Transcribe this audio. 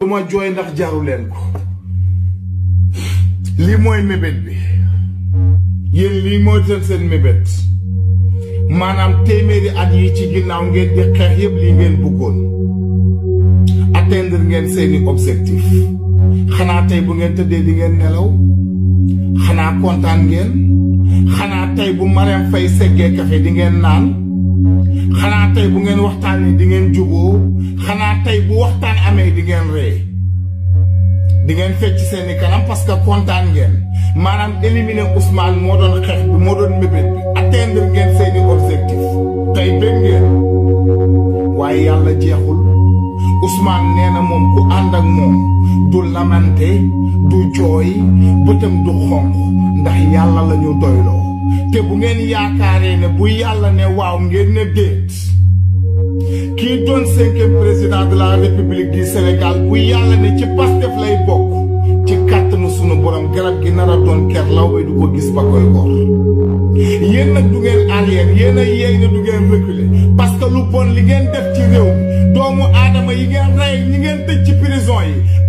lu ma jooy ndax jaru ko lii mooy mébét bi yéen lii mooy seen seen mébét maanaam téeméeri at yi ci ginnaaw ngeen di xeex yépp lii ngeen bëggoon atteindre ngeen seeni objectif xanaa tey bu ngeen tëddee di ngeen nelaw xanaa kontaan ngeen xanaa tey bu Marème Faye seggee kafe di ngeen naan xana tay bu ngeen waxtaanee di ngeen juboo xana tay bu waxtaan amé di ngeen ré di ngeen fecc seeni kanam parce que contane ngeen manam éliminer Ousmane mo doon xex bi mo doon mébét bi atteindre ngeen seeni objectif tay ben ngeen waye yalla jeexul Ousmane nee mom ku and ak mom du lamante du jooy bëtam du xom ndax yalla lañu doylo te bu ngeen yaakaaree ne bu yàlla ne waaw ngeen ne déet kii doon cinquième président de la république du Sénégal bu yàlla ne ci Pastef lay bokk ci kàttanu sunu borom garab gi nar a doon ker law bay du ko gis ba koy gor yéen nag du ngeen arrière yéen a yeey ne du ngeen reculer parce que lu bon li ngeen def ci réew doomu aadama yi ngeen rey ñi ngeen tëj ci prison yi